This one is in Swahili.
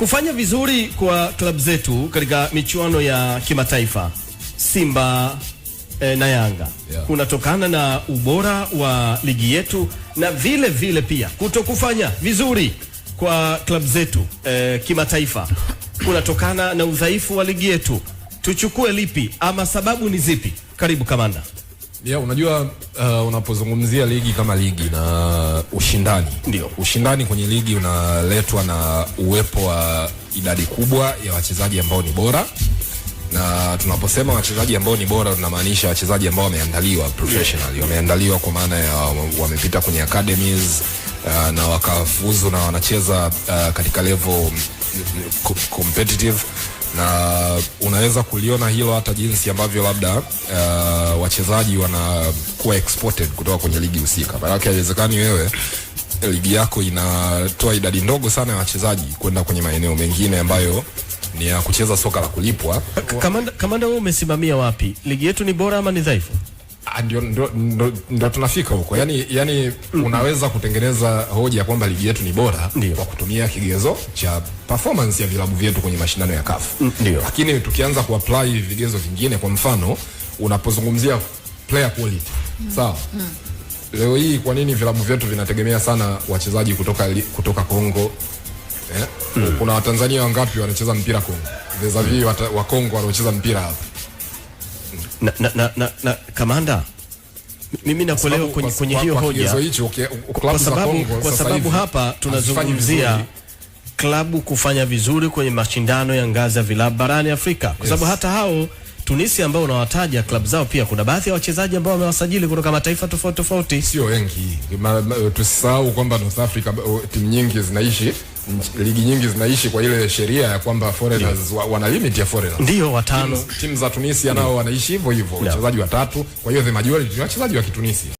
Kufanya vizuri kwa klabu zetu katika michuano ya kimataifa Simba e, na Yanga yeah, kunatokana na ubora wa ligi yetu na vile vile pia kutokufanya vizuri kwa klabu zetu e, kimataifa kunatokana na udhaifu wa ligi yetu. Tuchukue lipi ama sababu ni zipi? Karibu kamanda. Yeah, unajua uh, unapozungumzia ligi kama ligi na ushindani. Ndio. Ushindani kwenye ligi unaletwa na uwepo wa idadi kubwa ya wachezaji ambao ni bora na tunaposema wachezaji ambao ni bora tunamaanisha wachezaji ambao wameandaliwa professionally, wameandaliwa kwa maana ya wamepita kwenye academies uh, na wakafuzu na wanacheza uh, katika level uh, competitive na unaweza kuliona hilo hata jinsi ambavyo labda uh, wachezaji wanakuwa exported kutoka kwenye ligi husika. Maanake haiwezekani wewe ligi yako inatoa idadi ndogo sana ya wachezaji kwenda kwenye maeneo mengine ambayo ni ya kucheza soka la kulipwa. Kamanda, kamanda wewe umesimamia wapi? Ligi yetu ni bora ama ni dhaifu? Ah, ndio ndo, ndo, ndo tunafika huko yani, yani mm. unaweza kutengeneza hoja ya kwamba ligi yetu ni bora Ndiyo. kwa kutumia kigezo cha performance ya vilabu vyetu kwenye mashindano ya CAF lakini tukianza kuapply vigezo vingine kwa mfano unapozungumzia player quality mm. sawa mm. leo hii kwa nini vilabu vyetu vinategemea sana wachezaji kutoka kutoka Kongo eh? mm. kuna Watanzania wangapi wanacheza mpira Kongo vis mm. wa Kongo wanaocheza mpira hapa na, na, na, na, na kamanda mimi nakuelewa kwenye, kwenye hiyo hoja kwa sababu, kwa sababu hapa tunazungumzia klabu kufanya vizuri kwenye mashindano ya ngazi ya vilabu barani Afrika kwa sababu yes. hata hao Tunisia ambao unawataja klabu zao, pia kuna baadhi ya wachezaji ambao wamewasajili kutoka mataifa tofauti tofauti, sio wengi. Tusisahau kwamba North Africa timu nyingi zinaishi ligi nyingi zinaishi kwa ile sheria ya kwamba foreigners wa, wana limit ya foreigners ndio watano. Timu za Tunisia nao wanaishi hivyo hivyo, wachezaji watatu. Kwa hiyo the majority ni wachezaji wa Kitunisia.